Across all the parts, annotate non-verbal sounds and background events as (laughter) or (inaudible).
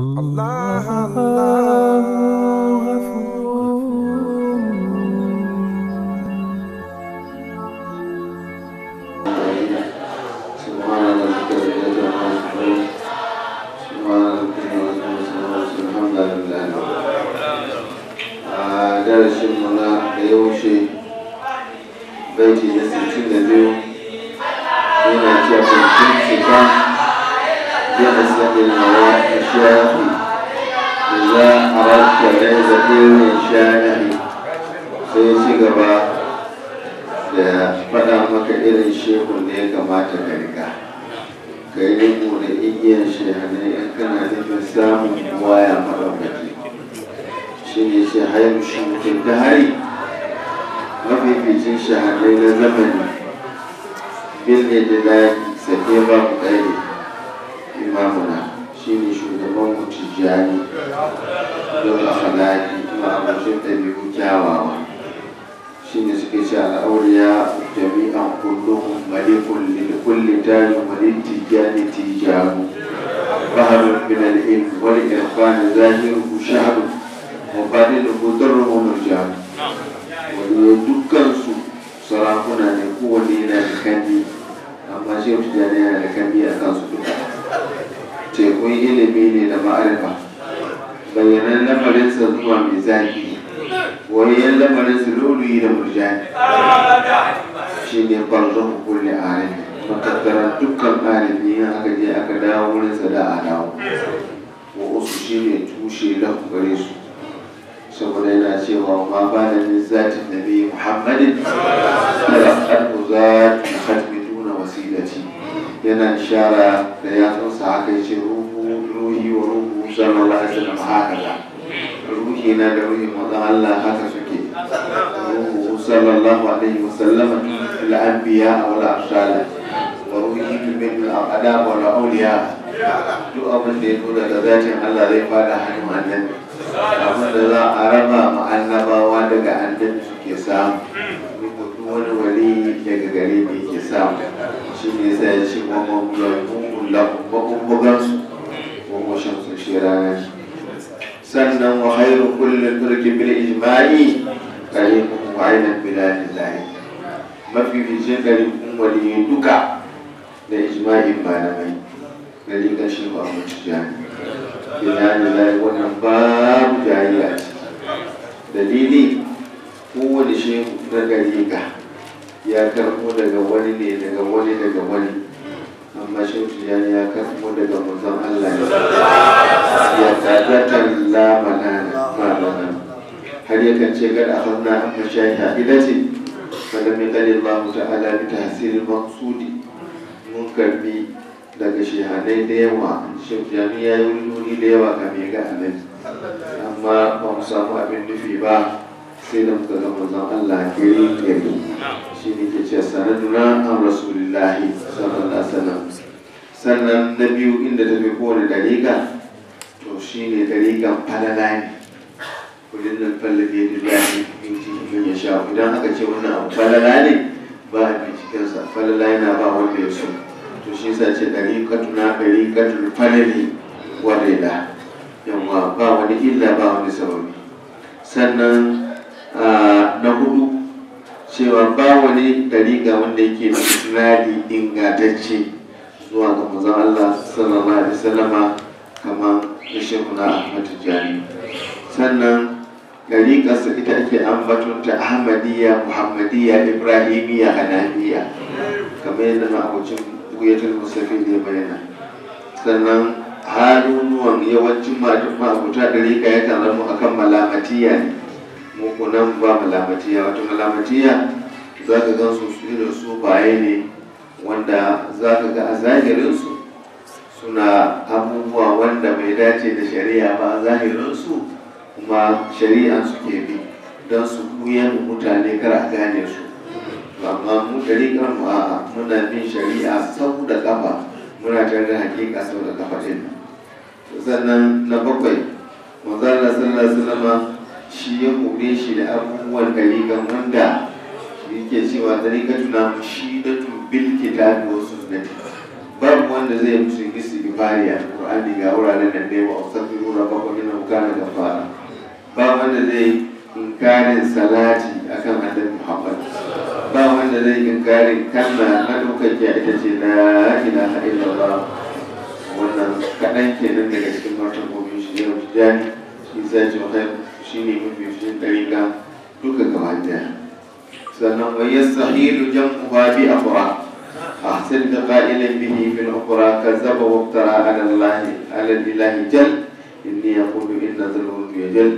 الله الله غفور سبحان ربك رب العزة عما لله درسhin mu na da ya wuce baiti na أسد الهواء شافي إذا أردت ليس إلي شانه سيسي gaba da faɗa maka irin shekun da ya kamata ka riga ka yi riko da igiyar shehane in kana samun waya maɗaukaki shi ne ta hari na zamani bin da daji sake ba mu ƙaire imamuna shi ne shugaban tijjani don asalaki kuma abincin ɗabi'u kyawawa shi ne suke ce al'auriya jami'an kullum da likulli tajin malin tijjani tijjanu baharun min al'in wani irfani zahiru shahadu mabanin da kudurin murjanu wani dukkansu sarakuna ne kowane yana da kandi amma shi yana da kandi a kansu kun ilimi ne da ma'arifa bayanan lamarinsa zuwa mai zaki wayan lamarinsa lori da murjani shi ne kwanzon kulle arifi matattara dukkan arifi aka je aka dawo sa da a dawo wa usu shi ne tushe da su saboda yana cewa ma ba da min zatin muhammadin da al'adu za ta hatmi tuna wasilati yana shara da ya tsosa haka ya ce ruhu ruhi wa ruhu sallallahu alaihi wasallam hakaza ruhi na da ruhi manzon Allah haka suke ruhu sallallahu alaihi sallam al anbiya wal arsala wa ruhi min al adab wal awliya duk abin da ya zo da zatin Allah zai fada hannun abin da za a raba ma annabawa daga annabi suke samu wani wani daga gare ne ke samu shi ne sai ya ce wa mabulan bugun lafi kuma shi rana sannan wa khairu kulli turki bil ijma'i qaribun wa ainan bilalillahi mafi fice garibun waliyi duka da ijma'in malamai da rigar shi ba mu tijani bilalillahi wannan babu jayayya ce dalili kowane shehu na gariga ya karɓo daga wani ne daga wani daga wani amma shehu tijjani ya karɓo daga manzon Allah ne ya sadatan la manana manana har ya kance kada a hauna amma shayi haƙidati sannan min gani Allah ta'ala bi tasirin maksudi mun karbi daga shehanai da yawa shehu tijjani ya yi wuri da yawa kame ga annabi amma ba mu samu abin nufi ba sai da muka ga manzon Allah gari gari shi ne ke ce sanaduna an rasulillahi sallallahu alaihi wasallam sannan na biyu inda ta fi kowane dariga to shi ne dariga falala ne kudin nan fallafi da lafi binci mun ya sha idan aka ce wannan abu falala ne ba a bincikensa falala yana ba wanda ya so to shi sa ce dariƙatu na dariƙatu falali da, yamma ba wani illa ba wani sababi sannan na hudu cewa ba wani dariƙa wanda yake da sinadi ingantacce zuwa ga manzon Allah sallallahu alaihi wasallama kamar da shehu na Ahmadu Jami sannan dariƙarsa ita ake ambatunta Ahmadiyya Muhammadiyya Ibrahimiyya Hanafiya kamar yadda ma'abucin buyatul musafi ya bayana sannan harunuwan yawancin majin ma'abuta ɗari ka ya tarar mu akan malamatiya ne mu ba malamatiya wato malamatiya za ka gan su ne su baye ne wanda za ka ga a zahirinsu suna abubuwa wanda bai dace da shari'a ba a zahirinsu kuma shari'a suke bi don su kuyan mutane kar a gane su amma mu dari kan a'a muna bin shari'a sau da kafa muna tare da hakika sau da kafa ɗin sannan na bakwai manzala sallallahu alaihi shi ya kube shi da abubuwan kan wanda yake cewa tarikatuna mushidatu da wasu wa sunnati babu wanda zai yi musu istighfari a Qur'ani ga wurare da dai wa astaghfiru rabbakum innahu kana ghaffara ba wanda zai inkarin salati akan annabi Muhammad ba wanda zai inkarin kanna na dokaki ita ce la ilaha illallah wannan kaɗan kenan daga cikin martabobin shi yau jani shi ji ce shi ne mafi shi ɗari duka gaba jiya. سنة ويستحيل جمعها بأخرى أحسن قائلا به في الأخرى كذب وافترى على الله على الإله جل إني أقول إن ظلمت يجل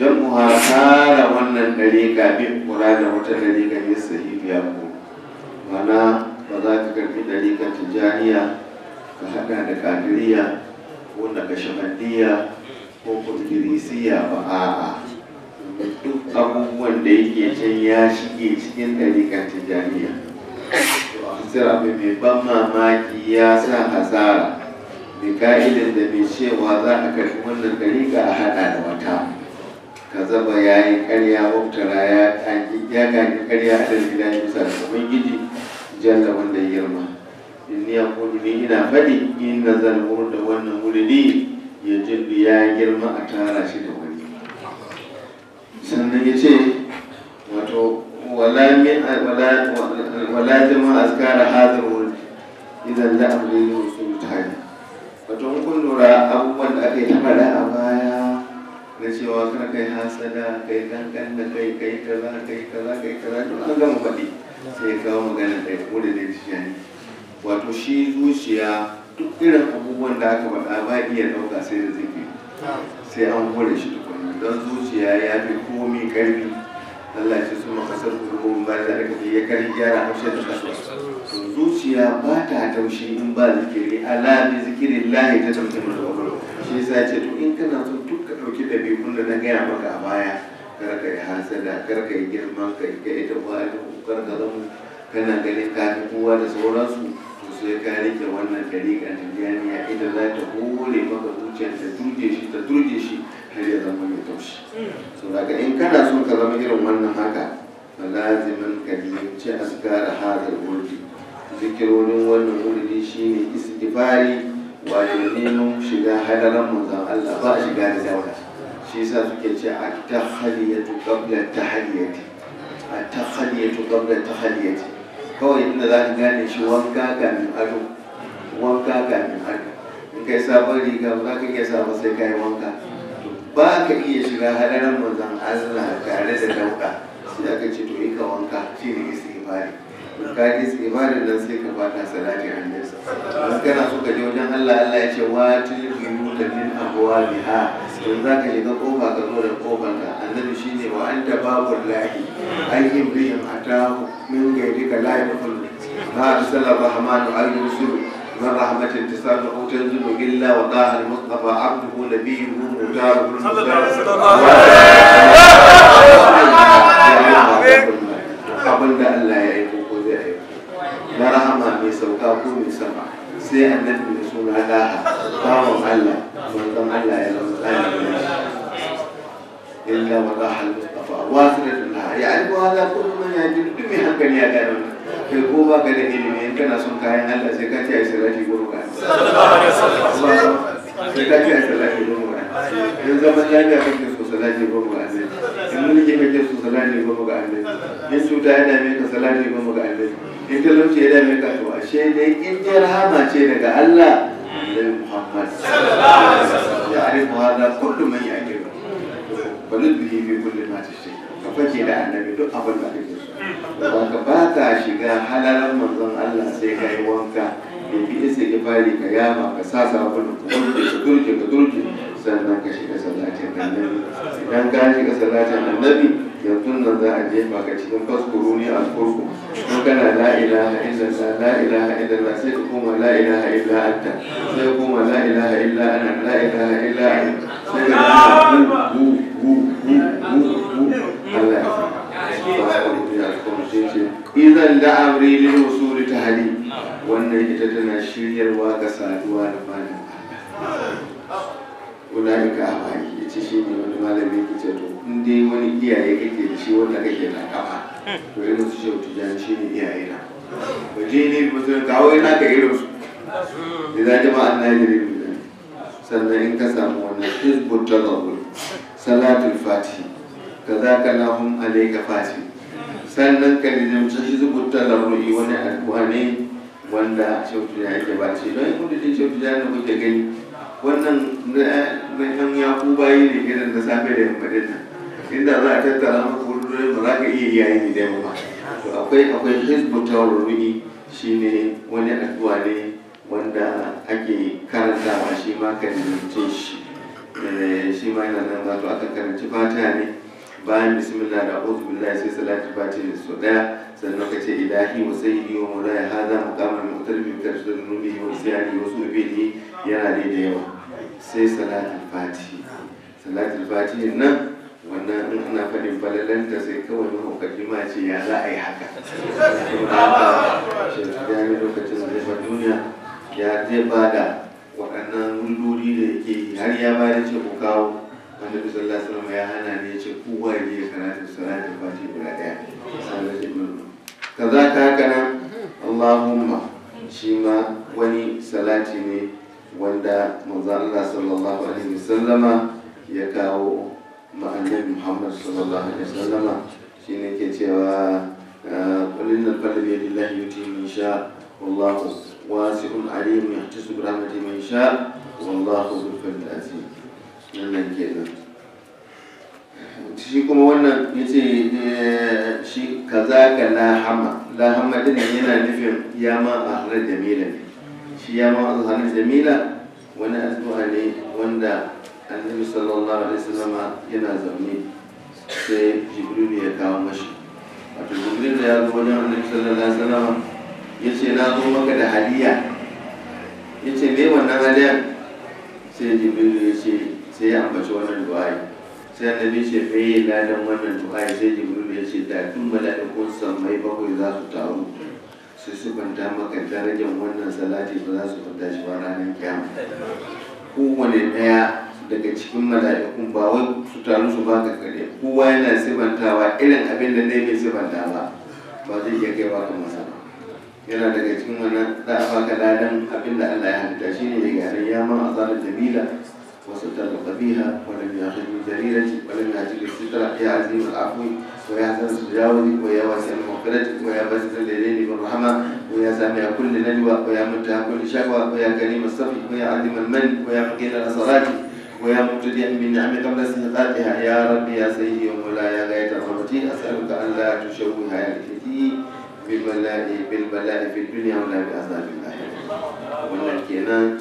جمعها كان ونا نليك بمراد وتنليك يستحيل يا أبو وأنا فذاك كان في نليك تجانية كهذا نكادرية ونكشمدية وكنت جريسية وآآآ duk abubuwan da yake can ya shige cikin ɗariƙar tijaniya sira mai mai ban mamaki ya sa hasara mai ka'idan da mai cewa za a karfi wannan ɗarika a haɗa da wata ka zaba ya yi ƙarya waktara ya ƙaƙi karya a ɗan gida ya bisa da ubangiji jalla wanda ya girma in ni ni ina faɗi in nazar da wannan wuri ne ya jirgi ya girma a tara shi da sannan ya ce wato wala jama azkara hadar wani idan da abu ne musu mutane wato kun lura abubuwan da aka yi ta a baya na cewa kar kai hasada kai dangan da kai kai kaza kai kaza kai kaza duk an gama faɗi sai ya kawo magana ɗaya ko da dai shi wato shi zuciya duk irin abubuwan da aka faɗa ba iya ɗauka sai da zikiri sai an hore shi duk don zuciya ya fi komi karfi Allah ya ce sun makasar kurkun ba da rika ya kari gyara haushe da kasuwa zuciya ba ta taushi in ba zikiri ala bi zikirin lahi ta tamtar da kwakwalwa shi yasa ce to in kana son duk ka ɗauki ɗabi'un da na gaya maka a baya kar ka yi hasada kar ka yi kar ka yi ka kar ka zama kana ganin kafin kowa da sauransu sai ka rike wannan dariƙa ta jami'a ita za ta hore maka zuciya ta turje shi ta turje shi har ya zama mai taushi so in kana son ka zama irin wannan haka lazimin ka liyarci azkara hazar wurdi zikironin wannan wurdi shine istighfari wato neman shiga hadaran manzon Allah ba a shiga da shi suke ce a a kawai inda za ka gane shi wanka kamin ado wanka kamin ado in kai sabon riga ba ka iya sai kayi wanka ba ka iya shiga hadarin manzon Allah tare da dauka sai aka ce to yi ka wanka ne istighfari ka ji istighfarin nan sai ka fata salati annabi sallallahu kana so ka je wajen Allah Allah ya ce wa tilbiyu da min biha to za ka shiga kofa ka zo da kofar ka annabi shine wa anta babul lahi ayyin bihim atahu min gairika la a ma arsalur rahmanu ayyusul من رحمة انتصار قوت انزل وقلة وقاه المصطفى عبده نبيه مجاره المسار قبلنا أن لا يعيبوا خذائب ما رحمة ميسا وكابو من سمع سيء النبي من سمع لها قام ألا وانضم ألا إلى مقال إلا وقاه المصطفى واثرة لها يعلم هذا كل من يجب دمي حقا يا دارون ke ko ba ka da ilimi in kana son kayan Allah sai ka ce ai salati sai ka ce ai salati zaman kake so salati kake so salati ka cuta ka salati talauci ka to ashe dai in rahama ce daga Allah annabi Muhammad ya arifu hada kullu man bihi bi kulli ma ka fake da annabi duk abin da kake so wanka ba ta shiga halalar manzon Allah sai ka yi wanka ya bi isa fari ka yama ka sa sabulu ka turke ka turke sannan ka shiga salatin annabi idan ka shiga salatin annabi yanzu nan za a jefa ka cikin faskuru ne a kurku in kana la ilaha illallah la ilaha illallah sai ka koma la ilaha illa anta sai kuma koma la ilaha illa ana la ilaha illa anta sai aljanna na shiryarwa ga saduwa da da ka ulaika ya yace shi ne wani malami yake to in dai wani iyaye kake da shi wanda kake na kafa to irin su shi jan shi ne iyaye na ba je ne ba su kawo yana ka irin su idan jama'an najeriya sannan in ka samu wannan da tadawul salatul fatih kazaka lahum alayka fati sannan ka nijamci hizbut tadawul wani ne wanda shautu ya yake ba ce don kudin shautu ya da kuke gani wannan na yan yaku bayi ne irin na safe da yammadin nan inda za a tattara maka kudurin ba za ka iya yayin da yamma to akwai akwai hizbu shi ne wani addu'a ne wanda ake karantawa shi ma kan shi eh, shi ma yana nan to aka karanci fata ne bayan bismillah da auzu billahi sai salati fati so daya sannan ka ce ilahi wa sayyidi wa mulai hada muqamul muqtarib bi tarshid nubi wa siyadi wa subihi yana da yawa sai salatu fati salatu fati nan wannan in ana faɗin falalanta sai kawai mahaukaci ma ce ya za a yi haka lokacin zai duniya ya zai ba da waɗannan rundori da yake har ya bada ce ku kawo annabi sallallahu alaihi wasallam ya hana ne ce kowa ya yi karatu salatul fati guda daya sallallahu alaihi kazaka haka nan Allahumma shi ma wani salati ne wanda manzo Allah sallallahu alaihi sallama ya kawo ma'anin Muhammad sallallahu alaihi sallama shi ne ke cewa kullin ah, da qalbi lillahi yuti min sha wallahu wasi'un alim yahtasu bi rahmatihi man sha wallahu dhul fadli azim wannan kenan shi kuma wannan ya ce eh, shi ka za ka lahama lahama din yana nufin yama a halar jamila ne shi yama a halar jamila wani addu'a ne wanda annabi sallallahu alaihi wasallam yana zaune sai jibril ya kawo mashi wato jibril ya zo wajen annabi sallallahu alaihi wasallam ya ce na zo maka da hadiya ya ce me wannan hadiya sai jibril ya ce sai ya ambaci wannan du'a'i sai annabi ce me yi ladan wannan du'a'i sai jibril ya ce da tun mala'ikun sammai bakwai za su taru su sifanta maka darajar wannan salati ba za su fanta shi ba ranar kiyama kowane ɗaya daga cikin mala'ikun ba wai su taru su baka kare kowa yana sifantawa irin abin da ne bai sifanta ba ba zai iya kai ba kuma sa yana daga cikin wannan da baka ladan abin da Allah ya halitta shine mai garin a tsarin jamila وستر بها ولم يأخذ من ولم يأتي الستر يا عزيز العفو ويا حسن التجاوز ويا واسع المغفرة ويا باسط اليدين بالرحمة ويا سامع كل نجوى ويا منتهى كل شكوى ويا كريم الصف ويا عظيم المن ويا مقيل الصلاة ويا مبتدئ من نعم قبل استحقاقها يا ربي يا سيدي ومولاي يا غاية رحمتي أسألك أن لا تشوه عائلتي بالبلاء بالبلاء في الدنيا ولا بعذاب الآخرة. wannan kenan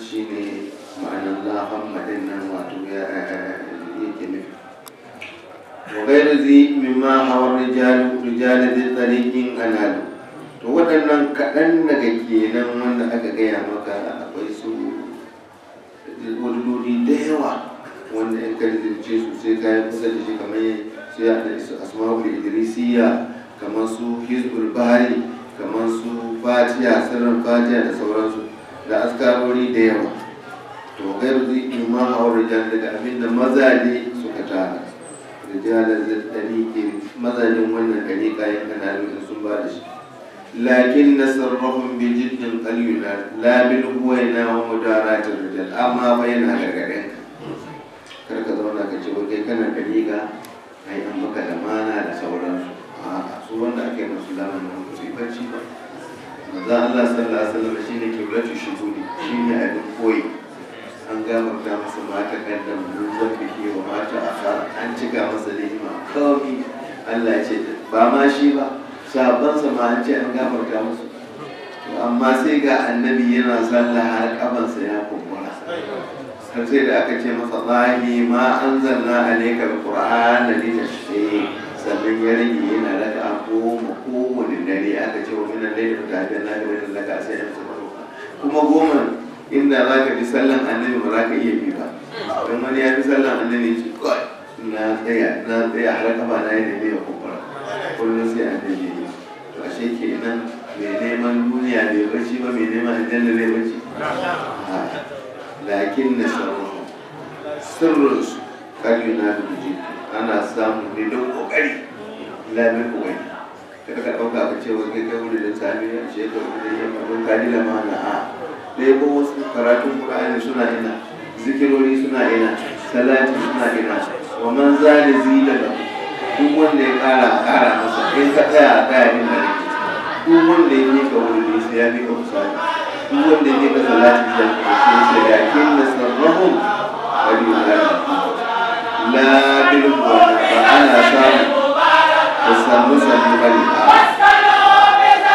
ma'anar lafan madin nan wato ya eh, eh, eh, yake nufi wa gairu zi mimma hawar rijalu rijalu zai tsarikin alalu to waɗannan kaɗan daga kenan wanda aka gaya maka akwai su wadudodi da yawa wanda in karzince su sai kayan kusa da shi kamar yin su ya da su asma'ul idrisiya kamar su hizbul bari kamar su fatiya sirrin fatiya da sauransu da askarori da yawa to gairu zikin ma haurijal daga abinda mazaje suka tara rijalar zaddani ke mazajin wannan gari kayan da sun ba da shi lakin nasarrahum bi bijirgin kalyuna labin huwai na wa mudaratir rijal amma bai na da karka ka zauna ka ce kai kana gari ga ai an da mana da sauransu a su wanda ake masu lamana ba su yi bacci ba manzo Allah sallallahu alaihi wasallam shine kibratu shuhudi shine abin koyi an gamarta masa mata ta mu zan biki wa mata a fara an cika masa ni'ima kawai Allah ya ce ba ma shi ba sa ma an ce an gafarta to amma sai ga annabi yana sallah har sa ya kumbura har sai da aka ce masa zahi ma an zanna alaika alquran da ni tashe sannan ya rage yana raka a goma kowane dare aka ce wa minan laifin kafin na da wani laka sai ya kuma goma inda za ka fi sallan annabi ba za ka iya bi ba don wani ya fi sallan annabi ce kawai na tsaya na tsaya har kafa na yi daidai ya kumbura kullum sai annabi ya yi to ashe nan mai neman duniya bai bacci ba mai neman aljanna zai bacci lakin na sarrafa su kalli na guji ana samu ne don kokari lamin kokari kada ka ɗauka ka ce wani kai wuri da sami a shekaru da yamma don kalila ma na a ɗebo wasu karatun Qur'ani suna ina zikirori suna ina salati suna ina wa man zali zida da duk wanda ya ƙara a ƙara masa in ka tsaya a tsaya din da duk wanda ya ka wuri sai ya ka misali duk wanda ya ka salati ya mika sai ya kinna sarrahum bari ya la bil ba ana samu ba samu samu bari a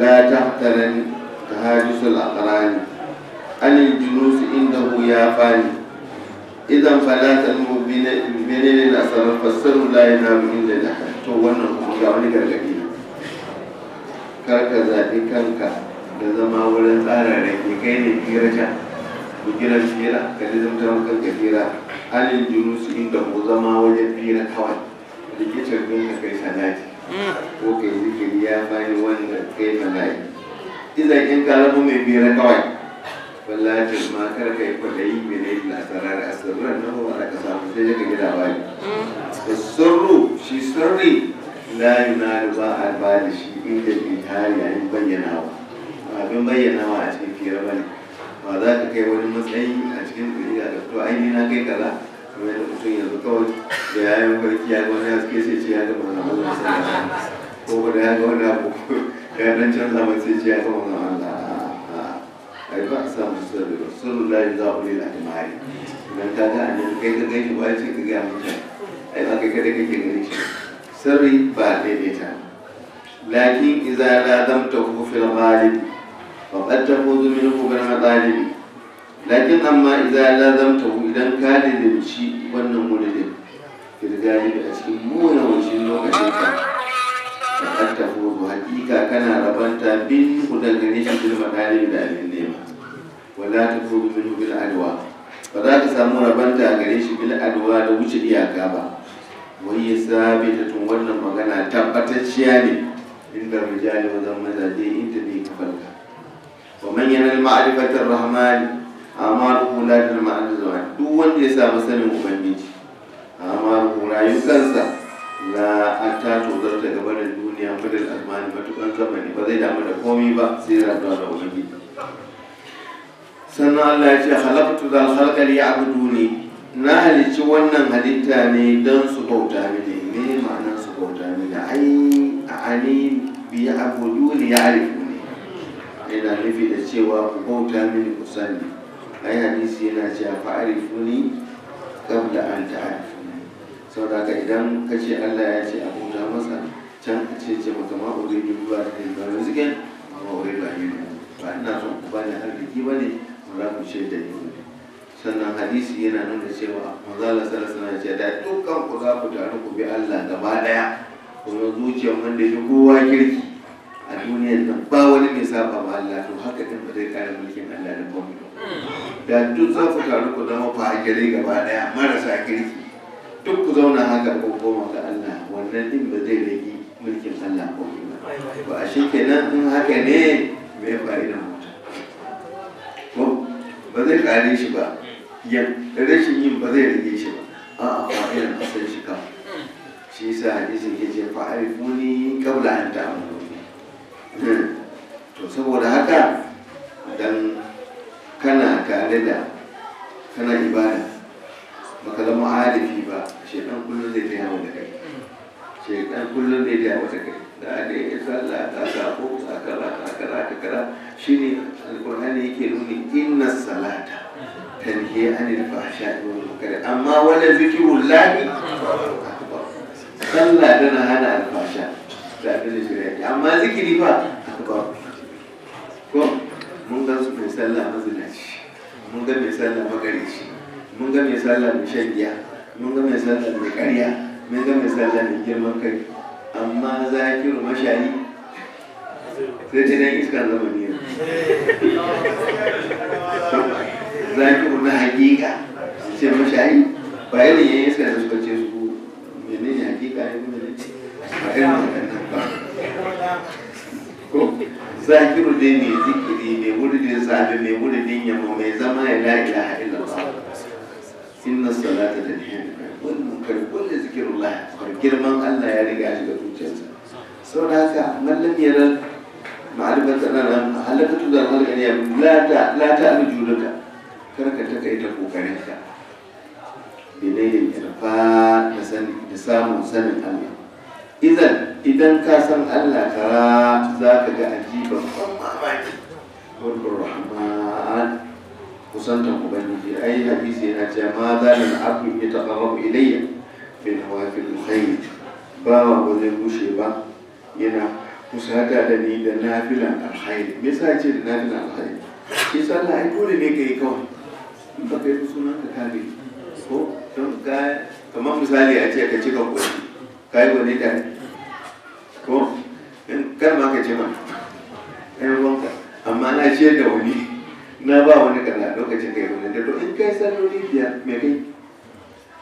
لا تحترن تهاجس الأقران عن الجلوس عنده يا فاني إذا فلا تنمو بنين الأسر فالسر لا ينام عند الأحد تو wannan kuma ga wani gargaɗi kar ka zaɓi kanka da zama wurin tsararraki kai ne firaja ku gina fira ka ji zamta maka ga fira halin junusu inda ku zama wajen kai ko kai ya mai wannan kai mala'i idan kin kalamu mai biyar kawai wallahi ma kar kai kwadayi mai ne na sarar asirar na huwa aka samu sai daga gida bani da sirru shi sirri la da ba a ba da shi inda ke bihari an bayyana wa abin bayyana wa a cikin fira bane ba za ka kai wani matsayi a cikin duniya da to ai ni na kai kaza kamar yadda mutum yanzu kawai da yayin farki ya ga ya suke sai ce ya ga manzon Allah sallallahu ko wanda ya ga wani abu (laughs) ya dan canza mai sai ce ya ga manzon Allah ai ba a samu sirri ba sirrin lahi za ku lila jama'i kai ka ka ba kai shi ba lakin lakin amma idza idan ka dalilci wannan mulidin a cikin munawancin lokacin an tafuzu hakika kana rabanta bin ku daga ne shi bil madani da abin nema wala tafuzu min bil adwa ba za ka samu rabanta a gare shi bil adwa da wuce iyaka ba wai ya ta tun wannan magana tabbatacciya ne inda rijali wajen mazaje in ta ne kafarka wa man yana ma'arifatar rahmani amma ruhu da ta ma'arifatar duk wanda ya samu sanin ubangiji amma ruhu rayukansa na an ta zarta ta gaba da duniya fadil almani matukan zamani ba zai damu da komi ba sai zuwa da ubangiji sannan Allah ya ce halaktu zal khalqali duni na halicci wannan halitta ne don su bauta mini ne ma'anar su bauta mini ai ani ya ya'buduni ya'rifuni ina nufi da cewa ku bauta mini ku sani ai hadisi yana cewa fa arifuni qabla an ta'arifu saboda idan ka ce Allah ya ce a masa can a ce ce mata ma uri da ba da ba ma ori ba ne ba ina son ku bani arziki ba ne ba za ku ce da ni sannan hadisi yana nuna cewa manzala sallallahu alaihi ce da dukkan ku za ku taru ku bi Allah gaba daya kuma zuciyar wanda ya kowa kirki a duniyar nan ba wani mai saba ma Allah to haka din ba zai kare mulkin Allah da ba hmm. da duk za ku taru ku zama gare gaba daya marasa kirki duk ku zauna haka ko goma ga Allah wannan din ba zai rage mulkin Allah ko ba a shi in haka ne me da mutum ko ba zai kare shi ba yan rashin yin ba zai rage shi ba a'a fa'idan asan shi ka shi yasa hadisin ke ce fa'arifuni qabla an ta'amuru hmm. to saboda haka dan kana tare da kana ibada baka zama alifi ba shaitan kullum zai taya mata kai shaitan kullum zai taya mata kai da a dai ya sallah ta sako ta kaza ta kaza ta kaza shine alqur'ani yake nuni inna salata tanhi anil fahsha'i wal amma wala zikrullahi sallah tana hana alfasha da abin da amma zikiri fa ko mun ga su mai sallah mazinaci mun ga mai sallah magarici mun ga mai sallah mai shan giya mun ga mai sallah mai karya mun ga mai sallah mai girman kai amma za kiro mashayi sai ce dan iska zama ne za kiro na hakika ce mashayi ba irin yayin iska da suka ce su mene ne hakika ne kuma ne ba irin wannan za ko kiro dai mai zikiri mai wurin sabi mai wurin yamma mai zama ya la ilaha illallah inna salata da nihamuka wannan karkon da zikin Allah har girman Allah ya riga shiga zuciyarsa sau da haka mallam ya ran ma'arifar tsananan halakatu da halaka ne la ta abu juruka karka ta kai ta kokarinka bilayin irfa da samun sanin Allah idan idan ka san Allah kara za ka ga ajiban ban mamaki wani rahman kusantan ubangiji yi hadisi yana cewa ma na abdu ya taqarrabu ilayya fi nawafil khair bawa ba wajen gushe ba yana kusata da ni da nafilan alhaini me yasa ce da nafilan alkhairi shi sallah ai dole ne kai kawai in ba kai sunan ka kare ko don ka kamar misali a ce ka ka kuɗi ka yi wani da ko in kai ma ka ce ma ɗan ruwanka amma na ce da wani na ba wani kaza lokacin kai wani da to in kai salloli biya me kai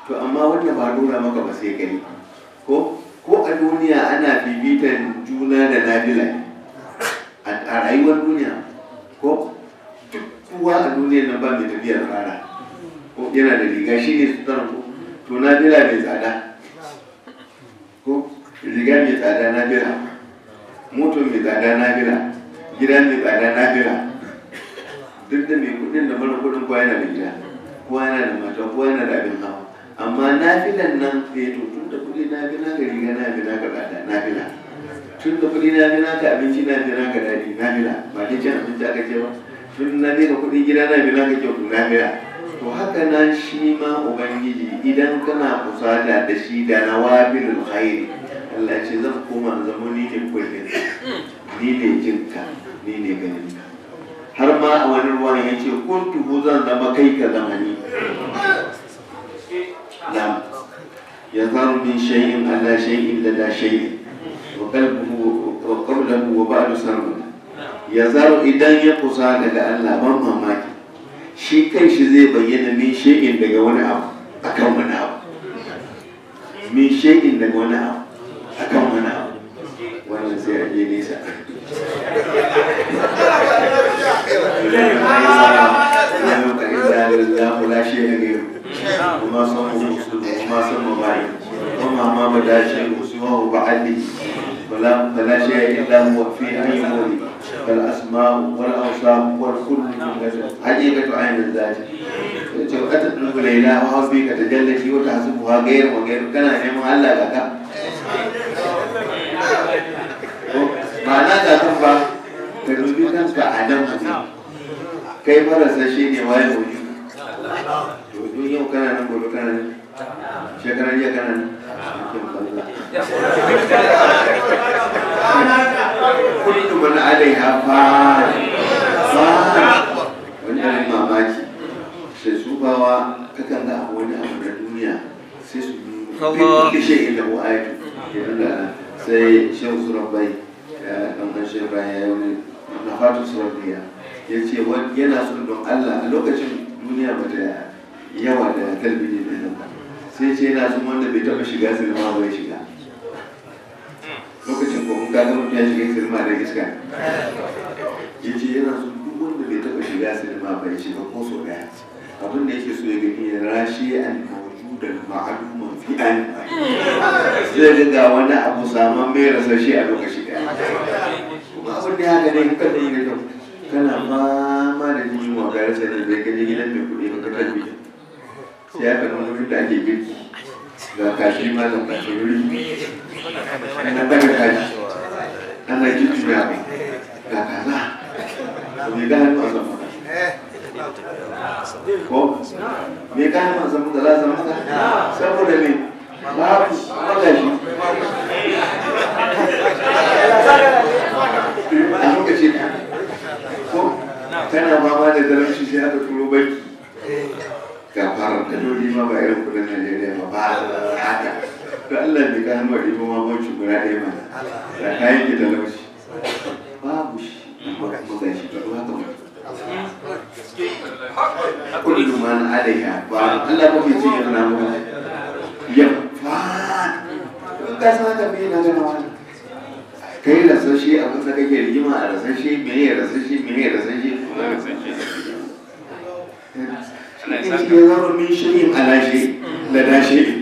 to amma wanda ba nuna maka ba sai kai ko ko a duniya ana bibitan juna da nabila a rayuwar duniya ko duk kowa a duniya nan ba mai tafiyar rana ko yana da riga shi ne sutar ko to nabila mai tsada ko riga mai tsada nabila moto mai tsada nabila gida mai tsada nabila duk da mai kudin da mara kudin kowa na da gida kowa da mata kowa na da abin hawa amma na filan nan ya eh to tun da kudi na fi naka riga na fi naka bada nafila tun da kudi na fi naka abinci na fi naka daɗi nafila ba dai cin abinci aka ce ba tun na fi ka kudin gida na fi naka kyau na nafila to haka nan shi ma ubangiji idan kana kusata da shi da na wabilul khairi Allah ce zan koma zama ni ne kullum ni ne jinka ni ne ganinka har ma a wani ruwan ya ce kuntu zan zama kai ka zama ni nam ya zaru min shay'in ala shay'in lada shay'in wa qalbuhu wa qawluhu wa ba'du sarbu ya zaru idan ya kusa daga Allah ban mamaki shi kai shi zai bayyana min shay'in daga wani abu akan wani abu min shay'in daga wani abu akan wani abu wannan sai a je nesa وما صم مسلم وما صم غير وما ما بدا شيء سواه بعدي ولا فلا شيء الا هو في اي مولد فالاسماء والاوصاف والكل عجيبه عين الذات تبقت تطلب ليلى وحبك تجلتي وتحسبها غير وغير كان نعم الله لك ma'ana kafin ba ka dubi kanka a nan mutum kai marasa shi ne waye mutum to duk yau kana nan gobe kana nan shekarar jiya kana nan cikin banza kullu man alaiha fan wani abin mamaki sai su bawa kakan ga abu wani abu na duniya sai su bi shi ila wa'ayi sai shan su bai kamar shi bayan ya yi na fatu surabiya ya ce yana son don Allah a lokacin duniya ba ta yawa da talbijin da nan sai ce yana son wanda bai taɓa shiga sinima ba ya shiga lokacin ko kun kaga mutum ya shiga sinima da iska ya ce yana son duk wanda bai taɓa shiga sinima ba ya shiga ko so ɗaya abin da yake so ya gani ya rashe an bal fi an zai dinga wani abu saman mai rasa shi a lokaci daya kuma abin da haka ne kada yi da kyau kana fama da jin yunwa ga rasa ne bai kaje gidan mai kuɗi ba ka kalbi sai ya kalli wurin da ake girki ga kashi ma da kashi wuri ana daga kashi ana jujjuya ga kaza mai gane masu ko mai gane masu da za su maka alaiha ba Allah ba mai jin yana mu ya fa in ka san haka me na gama kai rasashe abin da kake rigima a shi, me ya rasashe me ya rasashe Allah ya saka min shay'in ala shay la da shi.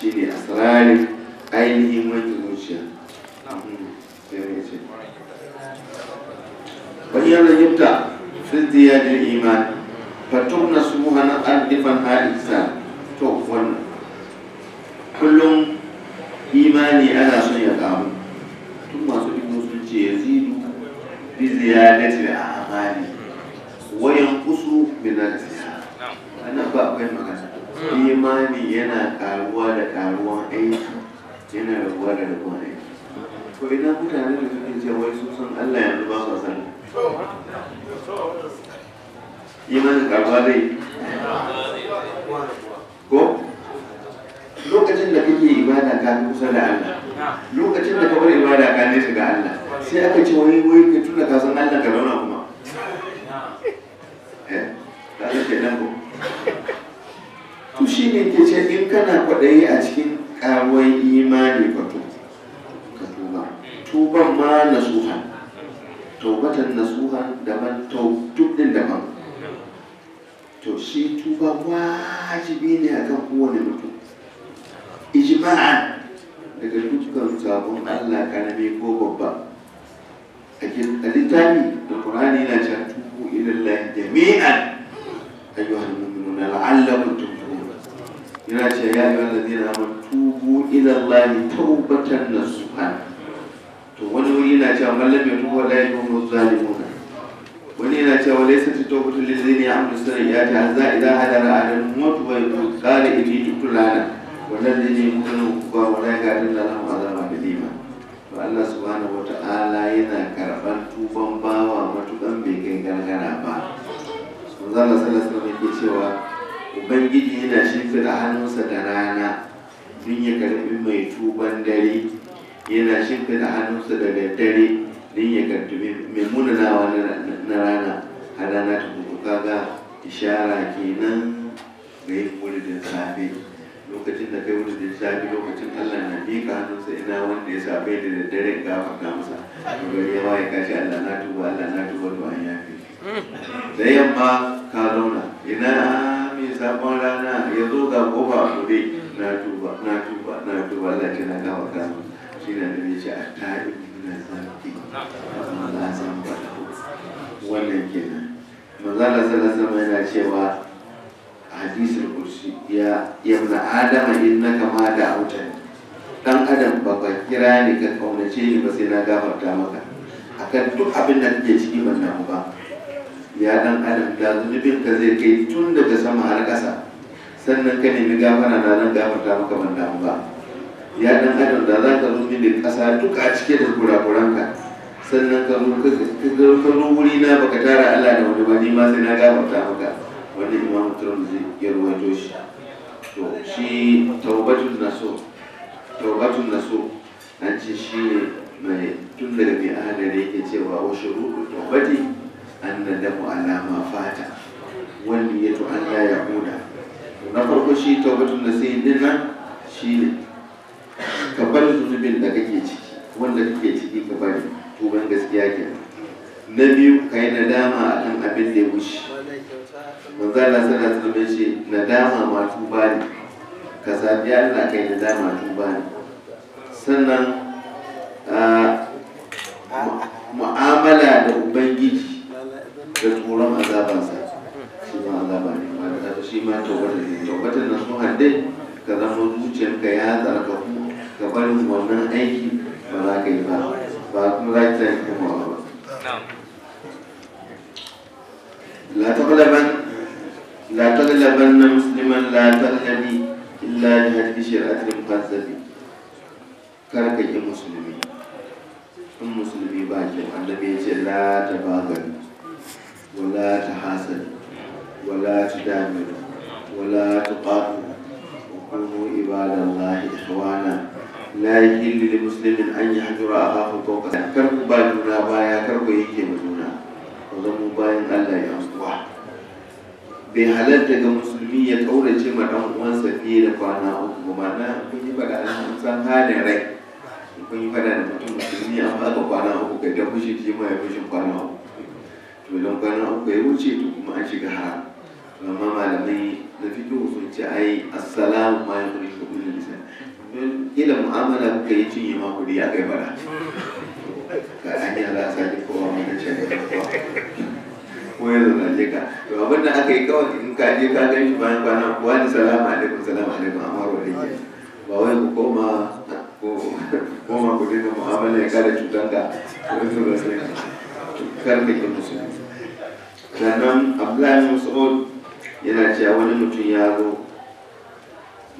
shi ne asirarin ainihin wanke zuciya bayan rajibta ya ji iman fatuk na su hana ardifan hadisa to wannan kullum imani ana son ya kamu tun masu ilimin sun ce ya zidu bi ziyadati a amali wayan kusu bi tisa ana ba kai magana imani yana karuwa da karuwan aiki yana rabuwa da rabuwan aiki ko idan mutane da suke ce wai su san Allah yanzu ba su san imani karuwa dai ko lokacin da kake ibada ka kusa da Allah lokacin da ka bar ibada ka nesa ga Allah sai aka ce wai wai ka tuna ka san Allah ka zauna kuma eh ka san nan ko shi ne ke ce in kana kwaɗayi a cikin ƙawai imani ba ka tuba tuban ma nasuha taubatan nasuha daban duk ɗin daban to shi tuba wajibi ne akan kowane mutum ijma'a daga dukkan sabon Allah karami ko babba a littafi da Qur'ani na cewa tuku ila Allah jami'an ayyuhal mu'minuna la'allakum yana ce ya yi wanda zai zama tubu ilallahi taubatan nasuha to wani wuri yana cewa mallam ya tuba la ya tuba zalimuna wani yana cewa wani ya ta zai laysa tawbatu lil ladina ya'malu sayyi'ati hatta idza hadara adam mut wa yaqul qala inni tubtu lana wa ladina yamunu wa la yaqadun lahum azaba alima to Allah subhanahu wa ta'ala yana karban tuban bawa matukan bai kai gargara ba manzo Allah sallallahu alaihi wasallam yake cewa ubangiji yana shimfiɗa hannunsa da rana don ya karɓi mai tuban dare yana shimfiɗa hannunsa da daddare don ya karɓi mai munanawa na rana a rana ta kuma kaga ishara kenan ga yin da safe lokacin da kai wuridin safe lokacin allah na miƙa hannunsa ina wanda ya safe da daddare fata masa to yawa ya waye kashi allah na tuba allah na tuba to an yafe da yamma ka zauna ina mai sabon rana ya zo ga kofa a buɗe na tuba na tuba na tuba Allah ce na gawa kama shi na da ce a ta'i na zafi amma na san ba wannan kenan manzala sallallahu alaihi yana cewa hadisul kursi ya yamma adama innaka ma da autani dan adam ba ka kira ni ka kaunace ni ba sai na gafarta maka akan duk abin da kake ciki ban namu ba ya dan adam da zunubin ka zai kai tun daga sama har ƙasa sannan ka nemi gafara na nan gafarta maka ban damu ba ya dan adam da za ka zo da ƙasa duka a cike da ka sannan ka zo ka zo wuri na baka tara Allah da wani ba ni ma sai na gafarta maka wani imamu zai ya ruwaito shi to shi taubatun naso taubatun naso an ce shi ne mai tun daga mai ahadari yake cewa wa shuruɗu taubati an nan nadamu alama fata wani yato an la ya huda na farko shi taubatun da sai din nan shi ne ka bari zunubin da kake ciki wanda kake ciki ka bari tuban gaskiya ke na biyu ka yi nadama a kan abin da ya wuce manzo Allah sallallahu alaihi shi nadama ma tuba ne ka sabi Allah kai nadama tuba ne sannan mu'amala da ubangiji don horon azabansa shi ma azaba ne ma da shi ma taubatar ne taubatar na su haddai ka zama zuciyarka ya tsarka ka barin wannan aiki ba za ka yi ba ba kuma za ka yi kuma ba لا تغلبن لا تغلبن مسلما لا تغلبي إلا جهتك شرعة المقذب كركي مسلمي in musulmi ba ke annabi ya ce la ta bagani ولا تحاسدوا ولا تدابروا ولا تقاتلوا وكونوا عباد الله إخوانا لا يحل لمسلم أن يحجر أخاه فوق كركو باجونا بايا كركو يجي مجونا وزمو باين الله ينصبح bai halatta ga musulmi ya kaurace ma dan uwansa fiye da kwana uku ba na kun yi fada an san halin rai kun yi fada da mutum musulmi amma ga kwana uku ga dan fushi shi ma ya fushin kwana uku to kwanan kwana uku ya wuce to kuma an shiga haram to amma malamai na fito sun ce ai assalamu ma ya kuri kabul lisan don kila mu'amala kuka yi cinye ma kudi a kai bara ka an yi ala sake kowa mai nace ga kowa ko ya zanaje ka to abin da aka yi kawai in ka je ka gan shi bayan kwanan kuwa ni salamu alaikum salamu alaikum amma rodan ke ba wai ku koma ko koma ku daina mu'amala ya kada cutanka ko in zuba sai Karfe ke musu sannan abdullahi mas'ud yana cewa wani mutum ya zo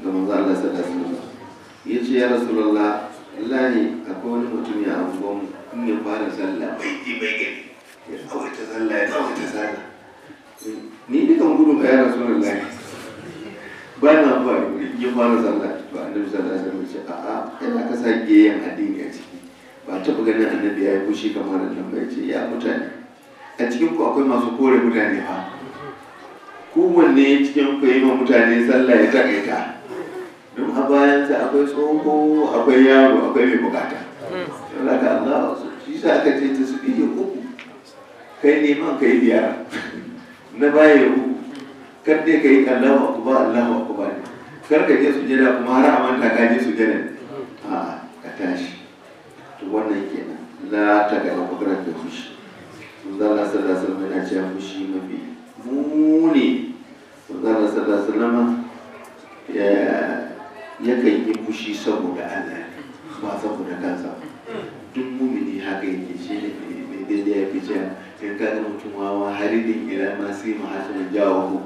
ga manzo Allah sallallahu alaihi wasallam yace ya rasulullah wallahi akwai wani mutum ya angon in ya fara sallah bai bai ki ya tsawaita sallah ya tsawaita sallah ni dukan gudun ka ya rasulullah ba na ba ya fara sallah Ba annabi sallallahu alaihi ya ce a'a ina ka sake yin taɓa ganin annabi ya yi fushi kamar nan bai ce ya mutane a cikin ku akwai masu kore mutane fa kowanne cikin ku yi ma mutane sallah ya ta don a bayansa akwai tsoho akwai yaro akwai mai bukata yana ka su shi sa aka ce ta su iya uku kai neman ka yi biyar (laughs) na baya uku kar ne ka yi Allahu akbar Allahu akbar kar ka je jira kuma har manta ka je jira a ka tashi wannan kenan la ta gana magana da fushi zalla sallallahu alaihi wasallam yana cewa fushi mafi muni zalla sallallahu alaihi ya kan yi fushi saboda ana ba saboda kansa duk mumini haka yake shi ne mai daidai ya fi cewa kan ka mutum wawa haridin ila ma yi ma hasu jawo ku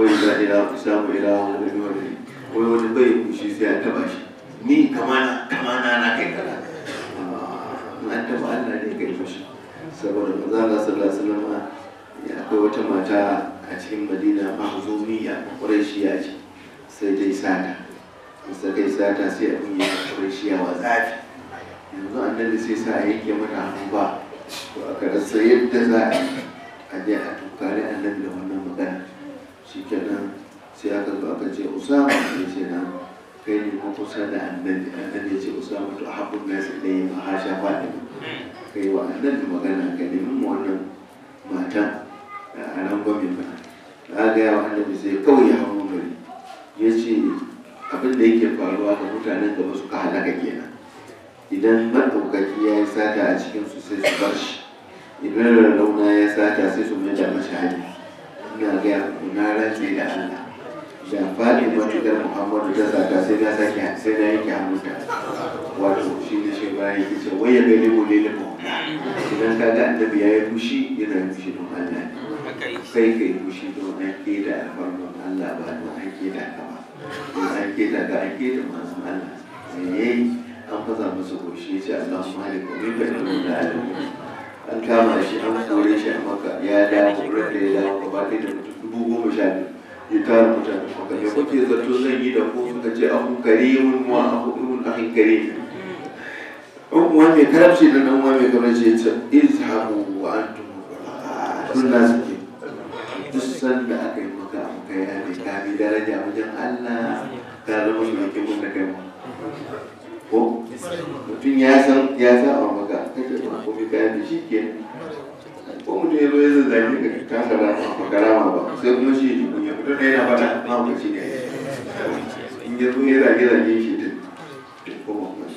wai za ila ku samu ila wani wani wai wani bai fushi sai a taba shi ni kamana kamana na kai kaza in an taɓa Allah ne ya mashi saboda manzo Allah sallallahu alaihi wasallam ya akwai wata mata a cikin Madina mahzumiya Qurayshiya ce sai dai sata sai kai sata sai abin ya wa zafi yanzu annabi sai sa yake mata hannu ba to aka rasa yadda za a je a tukare annabi da wannan magana shikenan sai aka zo aka ce Usama ne ce na kai ne na kusa da annabi annabi ce usama to habbun nasu ilayhi ma hasha fatima kai wa annabi magana ga nemi mu wannan matan a nan gwamnati ba da ga yawa annabi sai kawai ya hawo gari ya abin da yake faruwa ga mutanen da gaba ka halaka kenan idan maɗaukaki ya yi sata a cikin sai su bar shi idan rarrauna ya sata sai su mai da mashi hali ina ga na rantse da allah da faɗi matuƙar muhammadu ta zaga sai na sake sai na yanke hannunta wato shi ne shi ba yake ce wai ya gani mu lele mu idan ka ga annabi ya yi fushi yana yin fushi don Allah kai ka yi fushi don an keta alfarman Allah ba don an keta ka ba don an keta ka an keta masu Allah sai ya yi an faza musu goshi ya ce Allah su hali ko min bai nuna da alamu an kama shi an kore shi a maka ya dawo rarra ya dawo gaba ɗaya da mutum dubu goma sha biyu ya mutane ko ya kuke zato zan yi da ku suka ce an kare wa a an kare an uwa mai karamci da nan uwa mai karamci ya ce izhabu wa antum sunna suke duk sanda aka yi maka abu kai ya daraja wajen Allah ka zama mai kyau da ko mutum ya san ya san a maka ba ko bi ka yi shi ke ko mutum ya zo ya zazzage ka ka karama ba sai kuma shi ya ji duka yana fata mahaukaci ne in ya zo ya zage zage shi duk kuma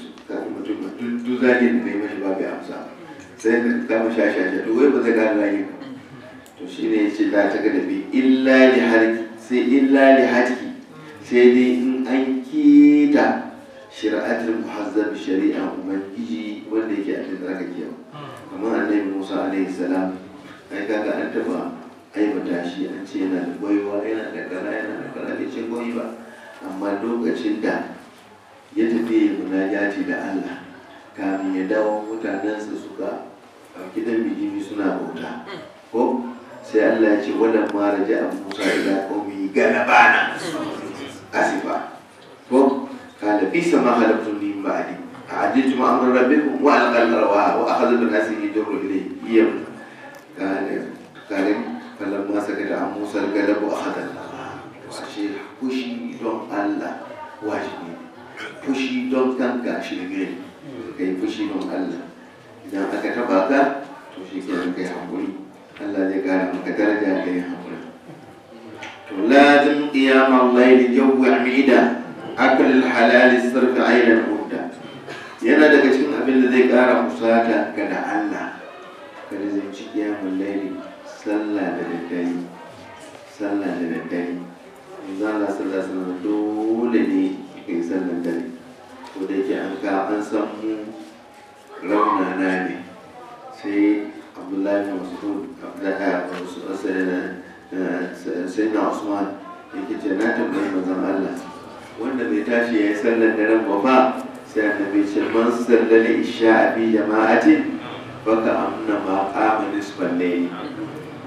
mutum duk zage da mai mashi ba bai amsa sai ka kama shashasha duk wai ba zai gane zage ba to shi ne ya ce za ta gada bi illa li harki sai illa li harki sai dai in an kita shari'atul muhazzab shari'a ubangiji wanda yake a cikin zaka kiyawa kamar annabi Musa alaihi salam ai kaga an taba ai matashi an ce yana da gwaiwa yana da kara yana da kara da cin gwai ba amma lokacin da ya tafi ya yaci da Allah kamin ya dawo mutanensa suka a gidan bikini suna bauta ko sai Allah ya ce wadan ma raja a Musa ila qaumi galabana asifa ko kala bisa ma halaktu min ba'di a'ajjatu ma amra rabbikum wa alqal wa akhadha bi nasihi jurru ilayhi yam falamma sakata an musar galabu a hadalla ashe fushi don Allah wajibi fushi don kanka shi ne ka yi fushi don Allah idan aka taba ka to shi ke kai haƙuri Allah zai kara maka daraja ka yi haƙuri to lazim qiyam al-layl jawwa amida akal al-halal sirf ayran udda yana daga cikin abin da zai kara musata ga da Allah kada zai ci qiyam al sallah da daddare sallah da daddare yanzu Allah sallah sallah dole ne kai sallar dare to da yake an ka an san mu raunana ne sai abdullahi masud eh, sai na eh, usman yake ce na tambayi mazan Allah wanda bai tashi ya yi sallar daren ba fa sai annabi ce man sallar isha bi jama'atin baka amna ma qama nisfan layli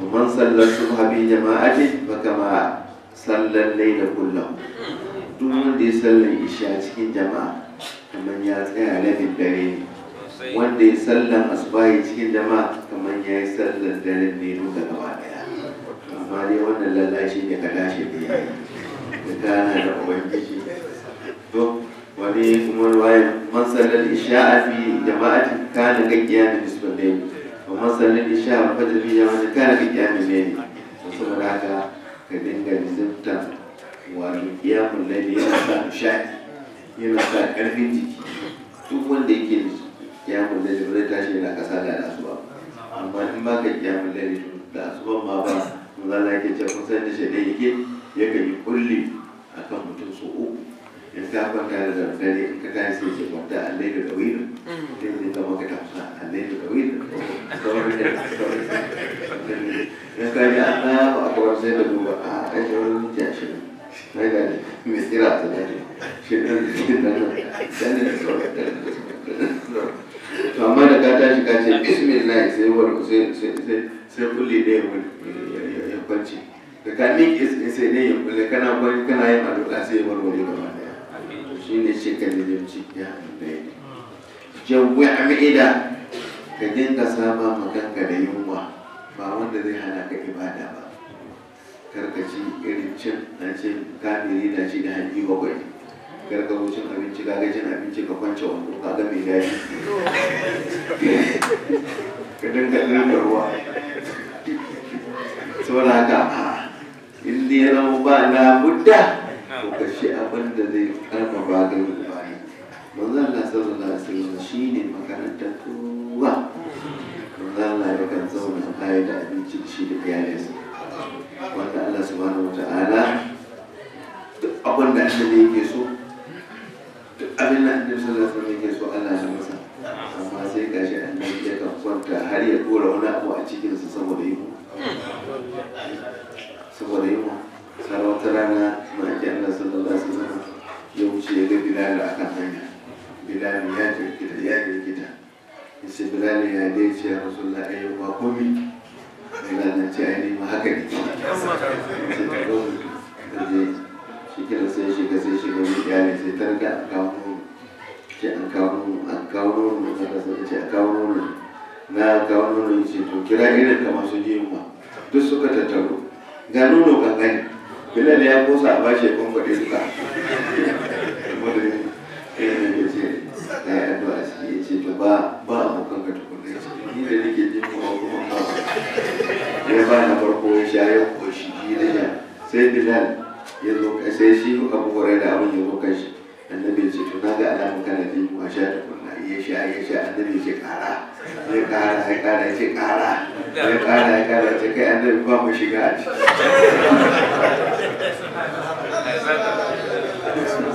ومن صلى الصبح بالجماعة فكما صلى الليل كله duk wanda ya sallan isha cikin jama'a kamar ya tsaya rabin dare wanda ya sallan asubahi cikin jama'a kamar ya yi sallan dare ne duka gaba daya amma dai wannan lalashi ne ka lashe da yayi da kana da ubangiji wani kuma ruwayan man sallar isha a fi jama'atin kana gaggiya da bisbalai wa masarar isha da fajar ya wani kana bi kyamin ne saboda haka ka dinga wani ya kiyamun ne yana sa nishaɗi yana sa karfin jiki duk wanda yake kiyamun laili ba zai tashi yana kasa da asuba amma in ba ka kiyamun ne da asuba ma ba mun zana yake ce kun san da shaɗe yake yakan yi kulli akan mutum so uku yanzu an kwanta da dare in ka tashi sai ce wanda allai da ɗawilu sai zai zama ka tafsa allai da ɗawilu kawai da kawai ya kaji an na ba a kawar sai da duba a ƙashe wani mutiya shi ne mai gani mai tsira a tsanani shi ne shi ne da sauran to amma da ka tashi ka ce bismillah sai wani sai kulle ɗaya wani ya kwanci da ka miƙe sai ne ya kulle kana kwari kana yin addu'a sai ya warware gaba shi ne ce ka lizimci ya annabi jawwi amida ka dinga saba maganka da yunwa ba wanda zai hana ka ibada ba karkaci irin cin na ce kamiri na ci da hanji bakwai karka cin abinci kaga cin abinci ka kwance wando kaga mai daɗi ka dinga lalata ruwa saboda haka in dai zama ba na budda ga shi abin da zai karfafa da rubani manzan Allah sallallahu alaihi wasallam shine makarantar kowa manzan Allah ya kan zauna kai da abinci shi da iyalinsa wanda Allah subhanahu wataala duk abin da annabi yake so duk abin da annabi sallallahu alaihi wasallam yake so Allah ya masa amma sai gashi annabi ya kan kwanta har ya dora wani abu a cikinsu saboda yunwa saboda yi yunwa sarauta rana kira irin ta masu jiyin ma duk suka tattaru ga nono kankani bilal ya kosa a bashi ya kwamfade duka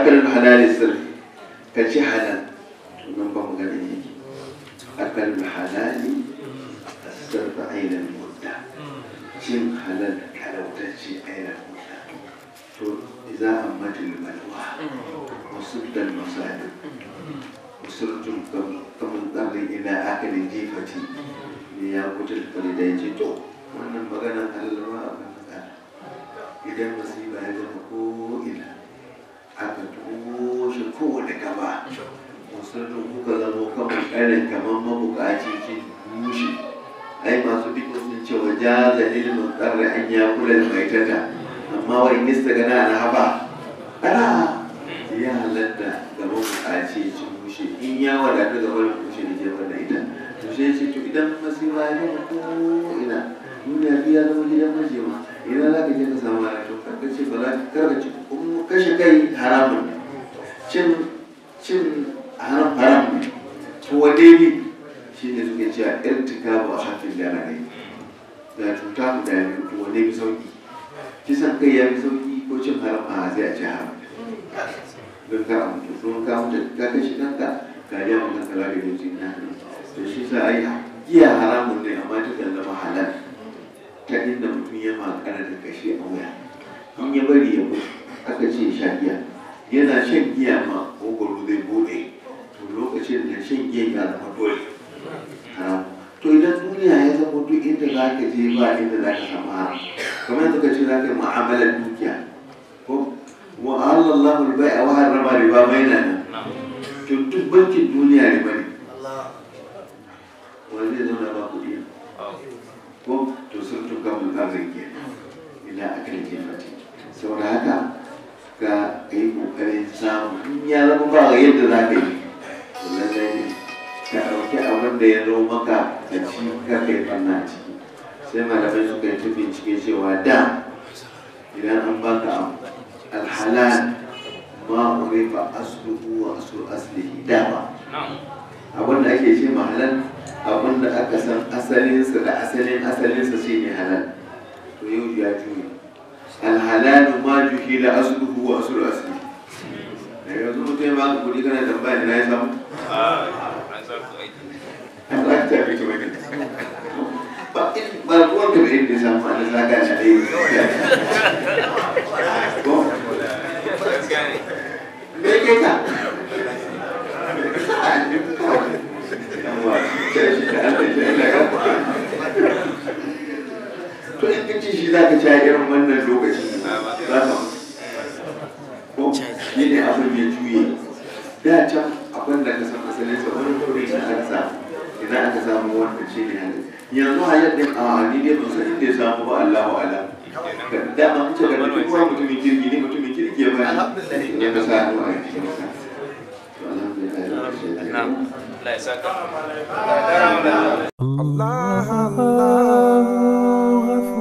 akal halal sir ka ci halal to ba mu gani ne akal halal sir ba ainihin mutta cin halal ce ainihin mutta to za a majin malwa musulman musalin musulman kamar tsarin ina akalin jifati ne ya kutar falidai ce to wannan maganar allah ba a idan yi bayan zama ko ina aka toshe kowane gaba musulun kuka zama kamar ƙarin kamar mabukaci ki bushe ai masu bikin sun ce wa jaza ilimin tsarra an ya kula da mai tata amma wa in nista gana na haba ana ya halatta ga mabukaci ci bushe in ya wadata ga wani bushe da jefar da ita to sai ce to idan masira ya ko ina duniya biya zama gidan majema ina za ka je ka samu rayuwa ta ce ba za ka karka ci kuma kashe kai haramun cin cin haram haram ne to wane ne shi ne suke cewa irtika ba hafin da na yi da cuta mu da yanzu to wane bi sauki kisan kai ya bi sauki ko cin haram a zai a ce haram don ka mutu don ka mutu ka kashe kanka ka ji mu kanka za ka yi jin ya to shi sa ai giya haramun ne amma ta zama halal ta inda mutum ya ma makara da kashe a wuya in ya bari ya mutu aka ce sha giya yana shan giya ma ogoro zai bude to lokacin da shan giya ya zama dole to idan duniya ya zama duk inda za ka je ba inda za ka samu haram kamar yadda ka ce za ka yi mu'amalar dukiya ko wa'ala Allahu bai a wahar raba riba mai nan to duk bankin duniya riba ne wani zai zauna ba kuɗi ko to sun tuka mun arziki ila akalin jefatin saboda haka ga ka yi ƙoƙarin samu in ya zama ba yadda za ka yi lallai ka ɗauki abin da ya zo maka da ci ka kai fanna ciki sai malamai suka yi ta bincike cewa da idan an baka abu alhalal ma urifa asluhu wa aslu aslihi da abin da ake ce halal abin da aka san asalinsa da asalin asalinsa shine halal to yau ya juya alhalalu ma juhila asluhu wa aslu asli yanzu mutum ya baka kuɗi kana ba in ba ruwan da samu ka ya to in ka ci shi za ka ci a irin wannan lokaci za ka ko shi ne abin ya juye da can abin da ka san asalin sa wani kuri shi an sa idan aka samu wanda shi ne hali yanzu a yadda a ni dai ban san inda ya samu ba wa ala da ma mutum da duk wani mutumin kirki ne mutumin kirki ya bani ya ka samu a yi cikin sa to alhamdulillah لا الله الله